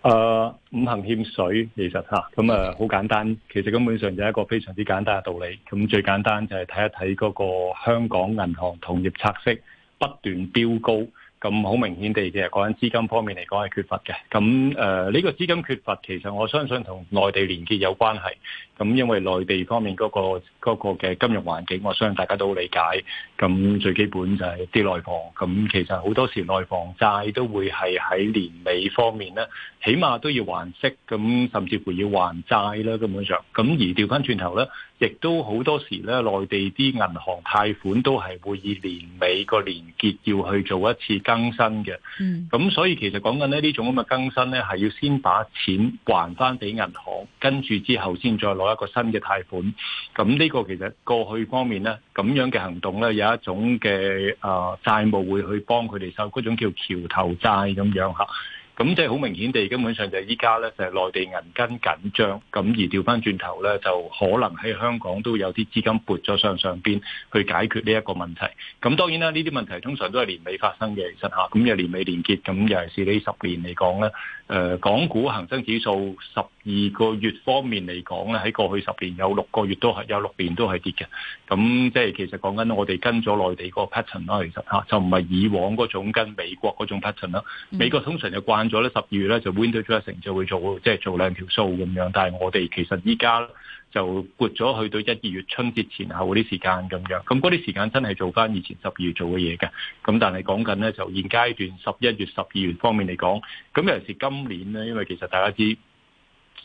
誒、uh, 五行欠水，其實嚇咁，誒好簡單。其實根本上就係一個非常之簡單嘅道理。咁最簡單就係睇一睇嗰個香港銀行同業拆息不斷飆高。咁好明顯地，即係講緊資金方面嚟講係缺乏嘅。咁誒，呢個資金缺乏其實我相信同內地連結有關係。咁因為內地方面嗰個嗰個嘅金融環境，我相信大家都好理解。咁最基本就係啲內房。咁其實好多時內房債都會係喺年尾方面咧，起碼都要還息，咁甚至乎要還債啦。根本上，咁而調翻轉頭咧。亦都好多時咧，內地啲銀行貸款都係會以年尾個年結要去做一次更新嘅。嗯，咁所以其實講緊咧呢這種咁嘅更新咧，係要先把錢還翻俾銀行，跟住之後先再攞一個新嘅貸款。咁呢個其實過去方面咧，咁樣嘅行動咧，有一種嘅啊、呃、債務會去幫佢哋收嗰種叫橋頭債咁樣嚇。咁即係好明顯地，根本上就係依家咧，就係、是、內地銀根緊張，咁而調翻轉頭咧，就可能喺香港都有啲資金撥咗上上邊去解決呢一個問題。咁當然啦，呢啲問題通常都係年尾發生嘅，其實吓。咁又年尾年結，咁尤其是呢十年嚟講咧。誒，港股恒生指數十二個月方面嚟講咧，喺過去十年有六個月都係有六年都係跌嘅。咁即係其實講緊，我哋跟咗內地個 pattern 啦，其實嚇就唔係以往嗰種跟美國嗰種 pattern 啦。嗯、美國通常就慣咗咧，十二月咧就 window dressing 就會做即係、就是、做兩條數咁樣，但係我哋其實依家。就撥咗去到一二月春節前後啲時間咁樣，咁嗰啲時間真係做翻以前十二月做嘅嘢嘅。咁但係講緊呢，就現階段十一月十二月方面嚟講，咁尤其是今年呢，因為其實大家知，誒、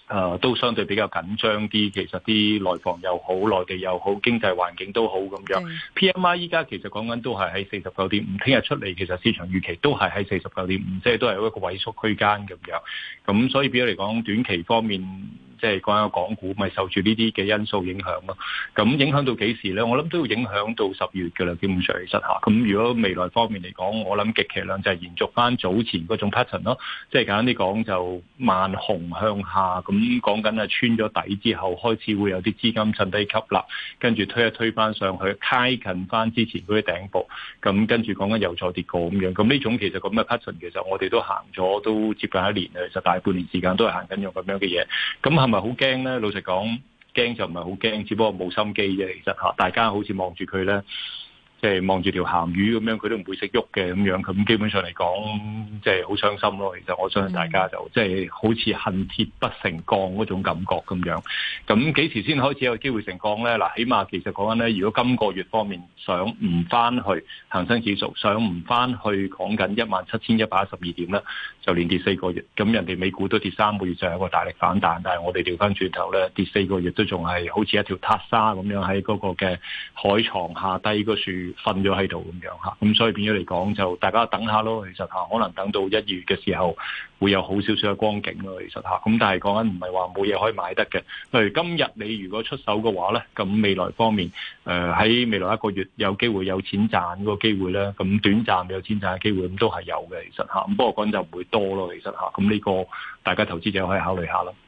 呃、都相對比較緊張啲。其實啲內房又好，內地又好，經濟環境都好咁樣。P M I 依家其實講緊都係喺四十九點五，聽日出嚟其實市場預期都係喺四十九點五，即係都係有一個萎縮區間咁樣。咁所以比較嚟講，短期方面。即係講下港股，咪、就是、受住呢啲嘅因素影響咯。咁影響到幾時咧？我諗都要影響到十月嘅啦，基本上其實嚇。咁如果未來方面嚟講，我諗極其量就係延續翻早前嗰種 pattern 咯。即係簡單啲講，就慢熊向下，咁講緊啊穿咗底之後，開始會有啲資金趁低吸納，跟住推一推翻上去，接近翻之前嗰啲頂部。咁跟住講緊又再跌過咁樣。咁呢種其實咁嘅 pattern，其實我哋都行咗都接近一年，其實大半年時間都係行緊用咁樣嘅嘢。咁係唔係好驚咧，老實講，驚就唔係好驚，只不過冇心機啫。其實吓，大家好似望住佢咧。即係望住條鹹魚咁樣，佢都唔會識喐嘅咁樣，咁基本上嚟講，即係好傷心咯。其實我相信大家就即係、就是、好似恨鐵不成鋼嗰種感覺咁樣。咁幾時先開始有機會成鋼呢？嗱，起碼其實講緊呢，如果今個月方面想唔翻去恒生指數，想唔翻去講緊一萬七千一百一十二點咧，就連跌四個月。咁人哋美股都跌三個月就有一個大力反彈，但係我哋掉翻轉頭呢，跌四個月都仲係好似一條塔沙咁樣喺嗰個嘅海床下低個樹。瞓咗喺度咁樣吓，咁所以變咗嚟講就大家等下咯。其實吓，可能等到一月嘅時候會有好少少嘅光景咯。其實吓，咁但係講緊唔係話冇嘢可以買得嘅。例如今日你如果出手嘅話咧，咁未來方面誒喺、呃、未來一個月有機會有錢賺個機會咧，咁短暫有錢賺嘅機會咁都係有嘅。其實吓，咁不過講就唔會多咯。其實吓，咁呢個大家投資者可以考慮下啦。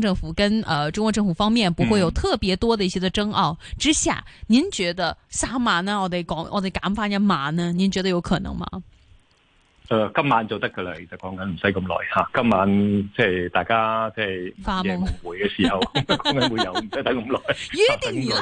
政府跟誒、呃、中國政府方面不會有特別多的一些的爭拗之下，嗯、您覺得三萬呢？我哋講我哋減翻一萬呢？您覺得有可能嗎？誒、呃，今晚得就得噶啦，而家講緊唔使咁耐吓，今晚即係大家即係發夢會嘅時候，講緊發夢 會有唔使等咁耐，一定有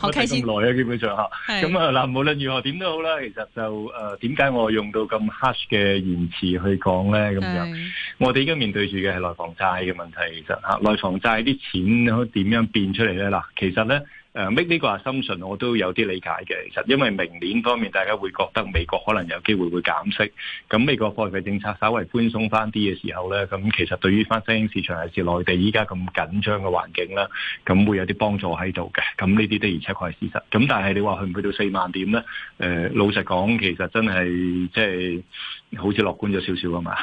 我睇咁耐啊，基本上吓，咁 Okay. 啊嗱，無論如何點都好啦，其實就誒，點、呃、解我用到咁 harsh 嘅言辭去講咧？咁、hmm. 樣、啊，我哋依家面對住嘅係內房債嘅問題，其實吓內房債啲錢點樣變出嚟咧？嗱、啊，其實咧。誒、uh, make 呢個係心信我都有啲理解嘅。其實，因為明年方面，大家會覺得美國可能有機會會減息，咁美國貨幣政策稍微寬鬆翻啲嘅時候咧，咁其實對於翻新興市場，尤其是內地依家咁緊張嘅環境啦，咁會有啲幫助喺度嘅。咁呢啲的，而且確係事實。咁但係你話去唔去到四萬點咧？誒，老實講，其實真係即係好似樂觀咗少少啊嘛。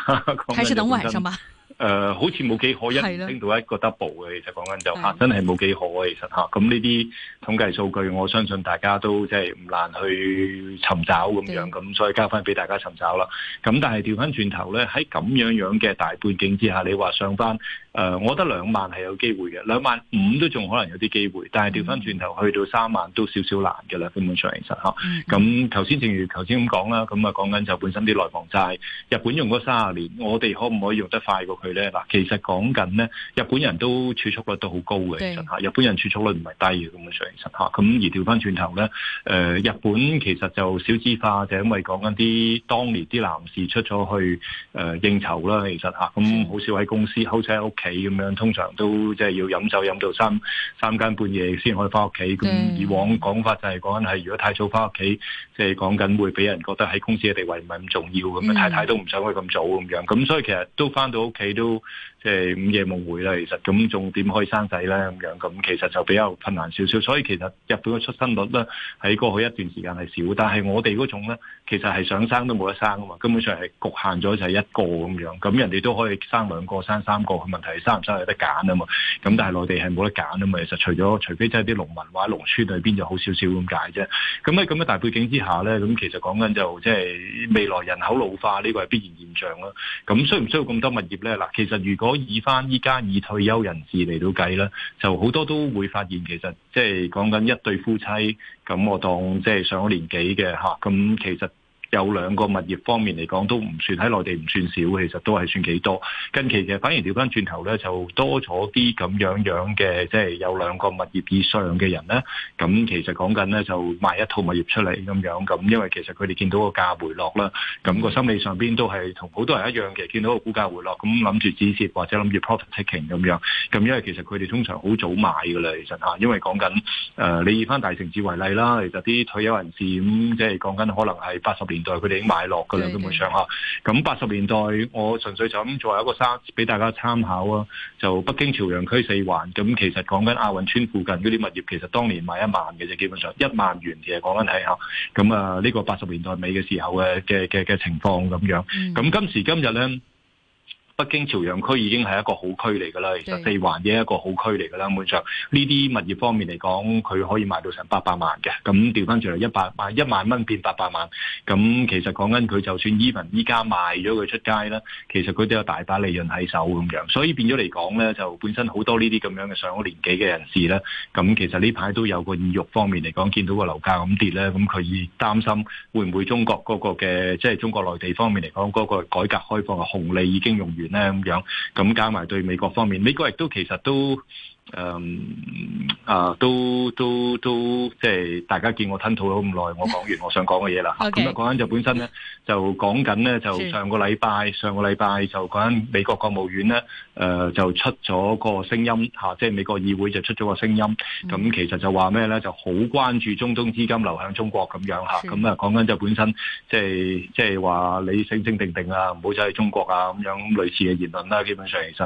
開始等回升吧。誒、呃，好似冇幾可一年升到一個 double 嘅，的其實講緊就吓，是，的真係冇幾可嘅其實吓。咁呢啲統計數據，我相信大家都即係唔難去尋找咁樣，咁的所以交翻俾大家尋找啦。咁但係調翻轉頭咧，喺咁樣樣嘅大背景之下，你話上翻。誒，uh, 我覺得兩萬係有機會嘅，兩萬五都仲可能有啲機會，但係調翻轉頭去到三萬都少少難嘅啦。根本上其實嚇，咁頭先正如頭先咁講啦，咁啊講緊就本身啲內房債，日本用嗰三十年，我哋可唔可以用得快過佢咧？嗱，其實講緊咧，日本人都儲蓄率都好高嘅，其實嚇，日本人儲蓄率唔係低嘅根本上其實嚇，咁而調翻轉頭咧，誒日本其實就少資化，就因為講緊啲當年啲男士出咗去誒應酬啦，其實嚇，咁好少喺公司，好少喺屋企。咁樣通常都即係要飲酒飲到三三更半夜先可以翻屋企。咁以往講法就係講緊係如果太早翻屋企，即係講緊會俾人覺得喺公司嘅地位唔係咁重要咁樣，嗯、太太都唔想去咁早咁樣。咁所以其實都翻到屋企都即係午夜夢回啦。其實咁重點可以生仔啦咁樣。咁其實就比較困難少少。所以其實日本嘅出生率咧喺過去一段時間係少，但係我哋嗰種咧其實係想生都冇得生啊嘛，根本上係局限咗就係一個咁樣。咁人哋都可以生兩個、生三個嘅問題。生唔生有得揀啊嘛？咁但係內地係冇得揀啊嘛。其實除咗除非真係啲農民或者農村裏邊就好少少咁解啫。咁喺咁嘅大背景之下咧，咁其實講緊就即係未來人口老化呢個係必然現象啦。咁需唔需要咁多物業咧？嗱，其實如果以翻依家已退休人士嚟到計咧，就好多都會發現其實即係講緊一對夫妻咁，我當即係上咗年紀嘅吓，咁其實。有兩個物業方面嚟講都唔算喺內地唔算少，其實都係算幾多。近期其實反而調翻轉頭咧，就多咗啲咁樣樣嘅，即係有兩個物業以上嘅人咧。咁其實講緊咧就賣一套物業出嚟咁樣，咁因為其實佢哋見到個價回落啦，咁個心理上邊都係同好多人一樣嘅，見到個股價回落，咁諗住止蝕或者諗住 profit taking 咁樣。咁因為其實佢哋通常好早買嘅啦，其實嚇，因為講緊誒，你以翻大城市為例啦，其實啲退休人士咁即係講緊可能係八十年代佢哋已經買落噶啦，基本上啊，咁八十年代我純粹就咁作為一個沙，俾大家參考啊。就北京朝陽區四環，咁其實講緊亞運村附近嗰啲物業，其實當年賣一萬嘅啫，基本上一萬元其實講緊係啊。咁 啊樂，呢個八十年代尾嘅時候嘅嘅嘅嘅情況咁樣，咁今時今日咧。 北京朝陽區已經係一個好區嚟㗎啦，其實四環嘅一個好區嚟㗎啦。換上呢啲物業方面嚟講，佢可以賣到成八百萬嘅，咁調翻轉嚟一百萬一萬蚊變八百萬，咁其實講緊佢就算依文依家賣咗佢出街啦，其實佢都有大把利潤喺手咁樣，所以變咗嚟講咧，就本身好多呢啲咁樣嘅上咗年紀嘅人士咧，咁其實呢排都有個意欲方面嚟講，見到個樓價咁跌咧，咁佢擔心會唔會中國嗰個嘅即係中國內地方面嚟講嗰個改革開放嘅紅利已經用完。咁樣咁加埋對美國方面，美國亦都其實都。誒、嗯，啊，都都都，即係大家見我吞吐咗咁耐，我講完我想講嘅嘢啦。咁啊，講緊就本身咧，就講緊咧，就上個禮拜，上個禮拜就講緊美國國務院咧，誒，就、呃、出咗個聲音吓，即係美國議會就出咗個聲音，咁其實就話咩咧，就好關注中東資金流向中國咁樣吓，咁啊，講緊就本身，即係即係話你醒醒定定啊，唔好走去中國啊，咁樣類似嘅言論啦、啊，基本上其實吓，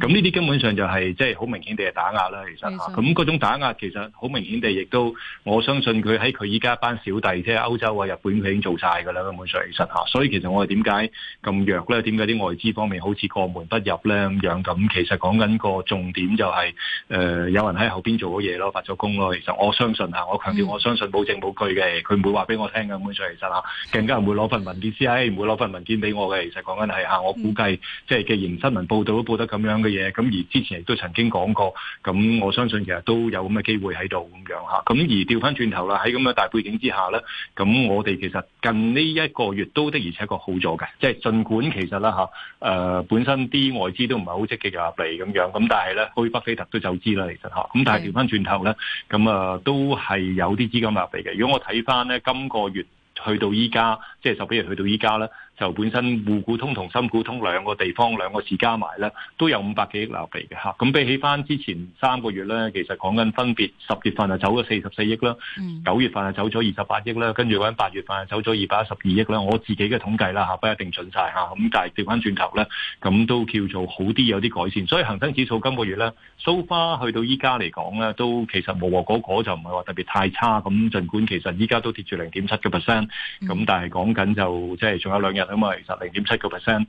咁呢啲根本上就係、是、即係好明顯地。打壓啦、哎，的其實嚇，咁嗰種打壓其實好明顯地，亦都我相信佢喺佢依家班小弟，即係歐洲啊、日本佢已經做晒噶啦，根本上其實嚇，所以其實我哋點解咁弱咧？點解啲外資方面好似過門不入咧咁樣？咁其實講緊個重點就係誒，有人喺後邊做好嘢咯，發咗功咯。其實我相信啊，我強調我相信保證冇據嘅，佢唔會話俾我聽嘅，根本上其實嚇，更加唔會攞份文件先，唔會攞份文件俾我嘅。其實講緊係嚇，我估計即係既然新聞報導都報得咁樣嘅嘢，咁而之前亦都曾經講過。咁我相信其實都有咁嘅機會喺度咁樣嚇，咁、啊、而調翻轉頭啦，喺咁嘅大背景之下咧，咁、啊、我哋其實近呢一個月都的而且確好咗嘅，即係儘管其實咧嚇，誒、啊呃、本身啲外資都唔係好積極嘅入嚟咁樣，咁但係咧，去巴菲特都就知啦，其實嚇，咁、啊、但係調翻轉頭咧，咁啊，啊都係有啲資金入嚟嘅。如果我睇翻咧，今個月去到依家，即係十幾日去到依家咧。就本身滬股通同深股通兩個地方兩個市加埋咧，都有五百幾億流鼻嘅嚇。咁比起翻之前三個月咧，其實講緊分別，十月份啊走咗四十四億啦，嗯、九月份啊走咗二十八億啦，跟住揾八月份啊走咗二百一十二億啦。我自己嘅統計啦嚇，不一定準晒。嚇。咁但係掉翻轉頭咧，咁都叫做好啲，有啲改善。所以恒生指數今個月咧，So far 去到依家嚟講咧，都其實無和嗰嗰就唔係話特別太差。咁儘管其實依家都跌住零點七嘅 percent，咁但係講緊就即係仲有兩日。咁啊，因為其實零點七個 percent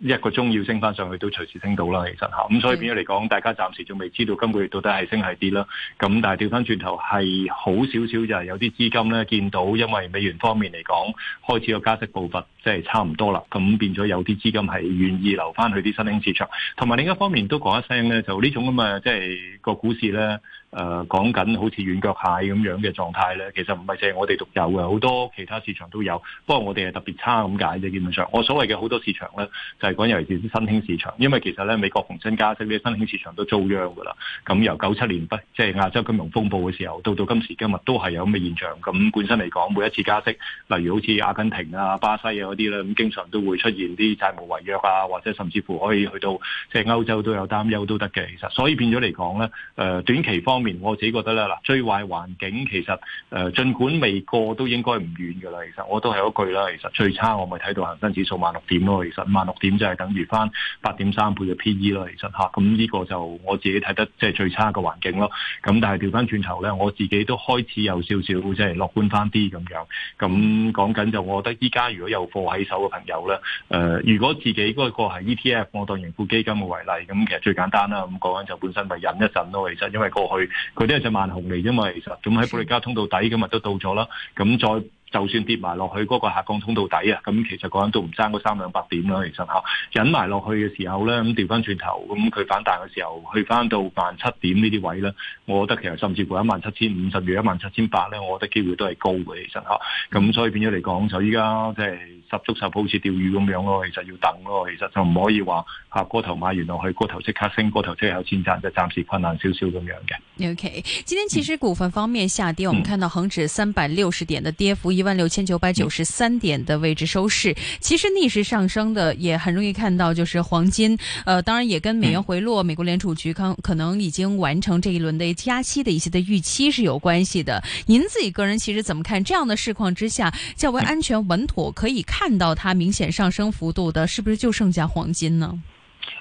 一個鐘要升翻上去都隨時升到啦，其實嚇，咁所以變咗嚟講，大家暫時仲未知道今個月到底係升係跌啦。咁但係調翻轉頭係好少少，就係有啲資金咧見到，因為美元方面嚟講開始有加息步伐。即係差唔多啦，咁變咗有啲資金係願意留翻去啲新興市場，同埋另一方面都講一聲咧，就呢種咁嘅即係個股市咧，誒講緊好似軟腳蟹咁樣嘅狀態咧，其實唔係淨係我哋獨有嘅，好多其他市場都有，不過我哋係特別差咁解啫。基本上，我所謂嘅好多市場咧，就係、是、講尤其是啲新興市場，因為其實咧美國逢親加息，啲新興市場都遭殃㗎啦。咁由九七年不即係亞洲金融風暴嘅時候，到到今時今日都係有咁嘅現象。咁本身嚟講，每一次加息，例如好似阿根廷啊、巴西啊啲啦，咁經常都會出現啲債務違約啊，或者甚至乎可以去到即係歐洲都有擔憂都得嘅。其實，所以變咗嚟講咧，誒、呃、短期方面我自己覺得咧，嗱最壞環境其實誒、呃，儘管未過都應該唔遠噶啦。其實我都係嗰句啦。其實最差我咪睇到恒生指數萬六點咯。其實萬六點就係等於翻八點三倍嘅 PE 咯。其實吓，咁、啊、呢個就我自己睇得即係最差嘅環境咯。咁但係調翻轉頭咧，我自己都開始有少少即係、就是、樂觀翻啲咁樣。咁講緊就，我覺得依家如果有貨。喺手嘅朋友咧，誒、 嗯，如果自己嗰個係 ETF，我當盈富基金嘅為例，咁其實最簡單啦，咁講緊就本身咪忍一陣咯。其實因為過去佢都係隻慢熊嚟，因為其實咁喺保歷加通道底咁啊，都到咗啦。咁再就算跌埋落去嗰、嗰個下降通道底啊，咁其實講緊都唔爭嗰三兩百點啦。其實嚇忍埋落去嘅時候咧，咁調翻轉頭，咁佢反彈嘅時候去翻到萬七點呢啲位咧，我覺得其實甚至乎一萬七千五甚至一萬七千八咧，我覺得機會都係高嘅。其實嚇咁所以變咗嚟講，就依家即係。十足十好似釣魚咁樣咯，其實要等咯，其實就唔可以話下個頭買完落去個頭即刻升，個頭即刻有錢賺，就暫時困難少少咁樣嘅。O、okay. K，今天其實股份方面下跌，嗯、我們看到恒指三百六十點的跌幅，一萬六千九百九十三點的位置收市。嗯、其實逆勢上升的，也很容易看到就是黃金。呃，當然也跟美元回落、嗯、美國聯儲局可可能已經完成這一輪的加息的一些的預期是有關係的。您自己個人其實怎麼看這樣的市況之下，較為安全穩妥可以看？看到它明顯上升幅度的，是不是就剩下黃金呢？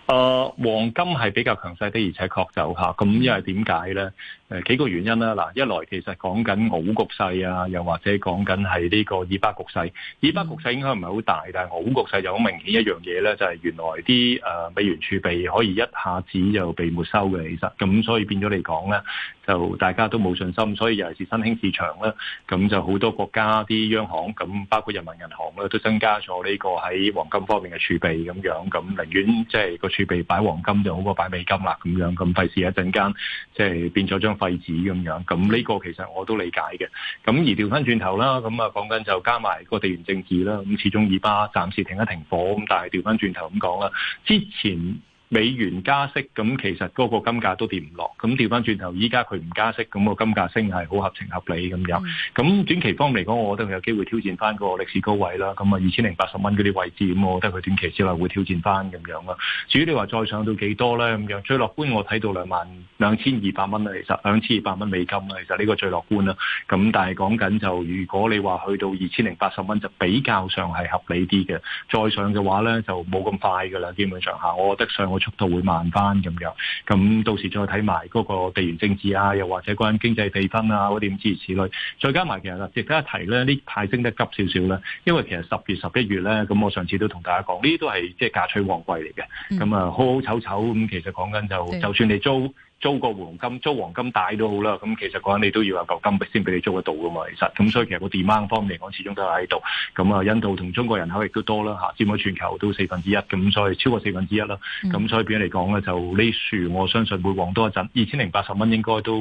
誒、呃，黃金係比較強勢的，而且確就吓，咁、啊、因為點解咧？誒、呃，幾個原因啦、啊。嗱，一來其實講緊澳局勢啊，又或者講緊係呢個以巴局勢。嗯、以巴局勢影響唔係好大，但係澳局勢有明顯一樣嘢咧，就係、是、原來啲誒、呃、美元儲備可以一下子就被沒收嘅，其實咁、啊、所以變咗嚟講咧。就大家都冇信心，所以尤其是新興市場啦。咁就好多國家啲央行，咁包括人民銀行啦，都增加咗呢個喺黃金方面嘅儲備咁樣。咁寧願即係個儲備擺黃金就好過擺美金啦。咁樣咁費事一陣間即係變咗張廢紙咁樣。咁呢個其實我都理解嘅。咁而掉返轉頭啦，咁啊講緊就加埋個地緣政治啦。咁始終以巴暫時停一停火，咁但係掉返轉頭咁講啦，之前。美元加息咁，其實嗰個金價都跌唔落。咁調翻轉頭，依家佢唔加息，咁個金價升係好合情合理咁樣。咁、嗯、短期方嚟講，我覺得有機會挑戰翻個歷史高位啦。咁啊，二千零八十蚊嗰啲位置，咁我覺得佢短期之內會挑戰翻咁樣啦。至於你話再上到幾多呢？咁樣，最樂觀我睇到兩萬兩千二百蚊啦，其實兩千二百蚊美金啦，其實呢個最樂觀啦。咁但係講緊就如果你話去到二千零八十蚊，就比較上係合理啲嘅。再上嘅話呢，就冇咁快噶啦。基本上下，我覺得上我。速度會慢翻咁樣，咁到時再睇埋嗰個地緣政治啊，又或者關於經濟地分啊嗰啲咁諸如此類，再加埋其實啦，值得一提咧呢啲派升得急少少啦，因為其實十月十一月咧，咁我上次都同大家講，呢啲都係即係嫁娶旺季嚟嘅，咁啊、嗯嗯，好好醜醜咁，其實講緊就對就算你租。租個黃金，租黃金帶都好啦。咁其實講你都要有嚿金先俾你租得到㗎嘛。其實咁所以其實個 demand 方面嚟講，始終都喺度。咁、嗯、啊，印度同中國人口亦都多啦吓，佔、啊、咗全球都四分之一。咁、嗯嗯、所以超過四分之一啦。咁所以變咗嚟講呢，就呢樹我相信每往會旺多一陣。二千零八十蚊應該都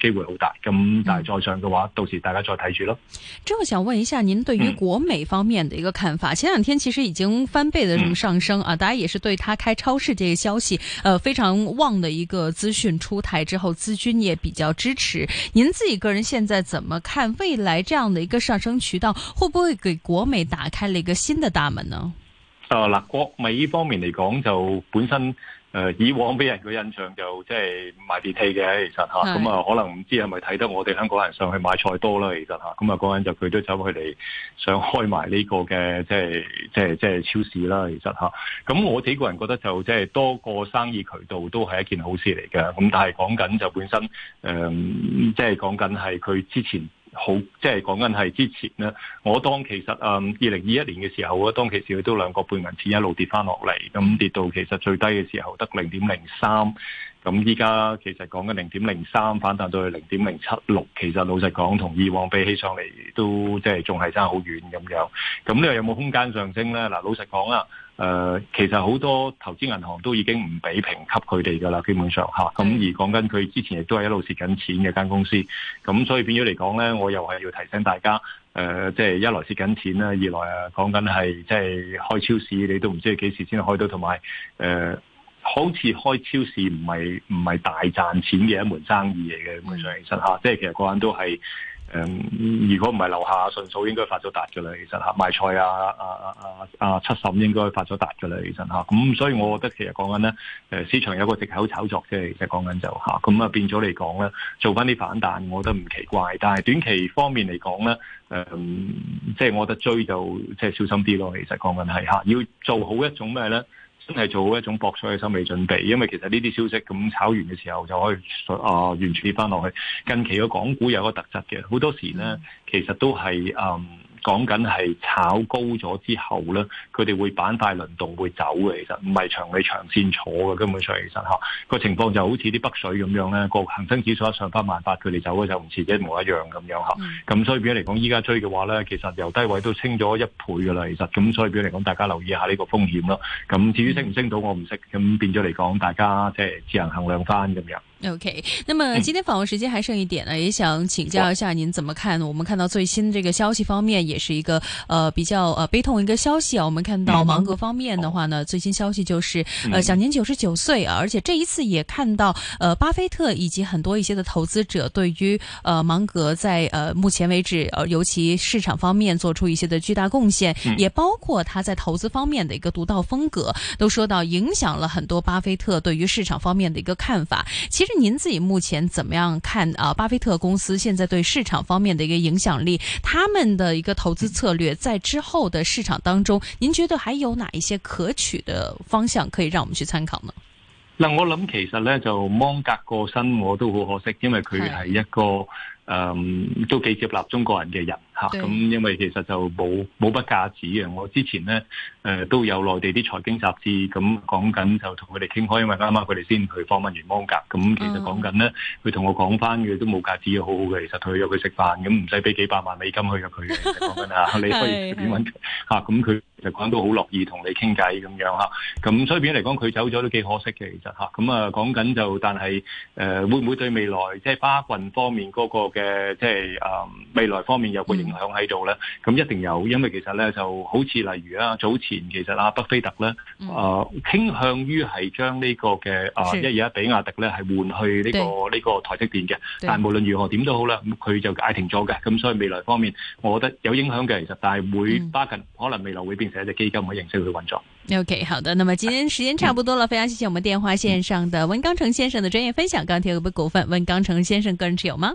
機會好大。咁、嗯嗯、但係再上嘅話，到時大家再睇住咯。之後想問一下您對於國美方面嘅一個看法。前兩天其實已經翻倍的上升啊！嗯嗯、大家也是對佢開超市呢個消息，呃，非常旺嘅一個資訊。出台之後，資金也比較支持。您自己個人現在怎麼看未來這樣的一個上升渠道，會不會給國美打開了一個新的大門呢？啊，嗱，國美方面嚟講就本身。誒以往俾人嘅印象就即係賣電器嘅，其實嚇，咁啊的可能唔知係咪睇得我哋香港人上去買菜多啦，其實嚇，咁啊嗰陣就佢都走佢哋想開埋呢個嘅即係即係即係超市啦，其實嚇，咁我自己個人覺得就即係、就是、多個生意渠道都係一件好事嚟嘅，咁但係講緊就本身誒即係講緊係佢之前。好，即係講緊係之前咧，我當其實誒二零二一年嘅時候啊，當其時佢都兩個半銀錢一路跌翻落嚟，咁、嗯、跌到其實最低嘅時候得零點零三。咁依家其實講緊零點零三反彈到去零點零七六，其實老實講，同以往比起上嚟都即係仲係爭好遠咁樣。咁呢個有冇空間上升咧？嗱，老實講啊，誒、呃，其實好多投資銀行都已經唔俾評級佢哋噶啦，基本上嚇。咁、啊、而講緊佢之前亦都係一路蝕緊錢嘅間公司。咁所以變咗嚟講咧，我又係要提醒大家，誒、呃，即、就、係、是、一來蝕緊錢啦，二來啊，講緊係即係開超市，你都唔知幾時先開到，同埋誒。呃好似開超市唔係唔係大賺錢嘅一門生意嚟嘅，咁其實其實吓，即係其實個人都係，誒、呃，如果唔係樓下順數，應該發咗達噶啦。其實吓賣菜啊啊啊啊啊七嬸應該發咗達噶啦，其實吓，咁、嗯、所以我覺得其實講緊咧，誒、呃，市場有個藉口炒作啫，其實講緊就吓，咁、嗯、啊變咗嚟講咧，做翻啲反彈，我覺得唔奇怪，但係短期方面嚟講咧，誒、嗯，即、就、係、是、我覺得追就即係、就是、小心啲咯，其實講緊係吓，要做好一種咩咧？真係做一種博彩嘅心理準備，因為其實呢啲消息咁炒完嘅時候，就可以啊、呃，完全跌翻落去。近期嘅港股有個特質嘅，好多時咧，其實都係嗯。講緊係炒高咗之後咧，佢哋會板塊輪動會走嘅，其實唔係長你長線坐嘅，根本上其實嚇個、啊、情況就好似啲北水咁樣咧，個恒生指數一上翻萬八，佢哋走嘅就唔似一模一樣咁樣嚇，咁、啊啊啊嗯、所以變咗嚟講，依家追嘅話咧，其實由低位都升咗一倍噶啦，其實咁、啊、所以變嚟講，大家留意下呢個風險咯。咁、啊、至於升唔升到，我唔識，咁、啊、變咗嚟講，大家即係自行衡量翻咁樣。OK，那麼今天訪問時間還剩一點呢，嗯、也想請教一下您怎麼看？呢、哦？我們看到最新這個消息方面，也是一個，呃，比較呃悲痛一個消息啊。我們看到芒格方面的話呢，嗯、最新消息就是，呃，享年九十九歲啊。而且這一次也看到，呃，巴菲特以及很多一些的投資者對於，呃，芒格在，呃，目前為止，呃，尤其市場方面做出一些的巨大貢獻，嗯嗯、也包括他在投資方面的一個獨到風格，都說到影響了很多巴菲特對於市場方面的一個看法。其實。您自己目前怎麼樣看啊？巴菲特公司現在對市場方面的一個影響力，他們的一個投資策略，在之後的市場當中，您覺得還有哪一些可取的方向可以讓我們去參考呢？嗱，我諗其實呢就芒格過身我都好可惜，因為佢係一個誒是、嗯、都幾接納中國人嘅人。吓，咁因為其實就冇冇乜價值嘅。我之前咧，誒都有內地啲財經雜誌，咁講緊就同佢哋傾開，因為啱啱佢哋先去訪問完芒格。咁其實講緊咧，佢同我講翻嘅都冇價值，好好嘅。其實佢約佢食飯，咁唔使俾幾百萬美金去約佢嘅。講緊啊，你可以隨便揾佢。咁佢就講到好樂意同你傾偈咁樣吓。咁所以變嚟講，佢走咗都幾可惜嘅，其實吓。咁啊，講緊就，但係誒會唔會對未來即係巴郡方面嗰個嘅即係誒未來方面有影響？影響喺度咧，咁一定有，因為其實咧就好似例如啊，早前其實阿巴菲特咧，啊傾向於係將呢個嘅啊一而家比亞迪咧係換去呢個呢個台積電嘅，但無論如何點都好咧，咁佢就解停咗嘅，咁所以未來方面，我覺得有影響嘅，其實但係會巴郡可能未來會變成一隻基金嘅形式去運作。OK，好的，那麼今天時間差不多了，嗯、非常謝謝我們電話線上的溫鋼城先生嘅專業分享。鋼鐵股股份溫鋼城先生個人持有嗎？